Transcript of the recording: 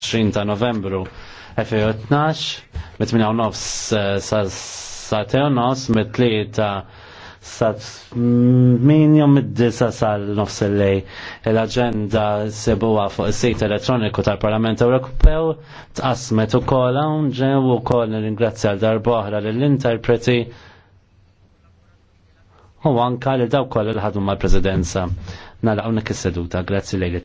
20 ta' novembru 2012 mit 8 sa' nofs, mit 3 sa' 8 jom mid-9 sa' nofs il-lej l-agenda sebuwa fuq il-sit elettroniku tal-Parlament Ewropew t-asmet u kol unġe u kol nir-ingrazzja l-darboħra l-interpreti u anka li daw kol l-ħadu mal-prezidenza. nek kis-seduta, grazzi lejli.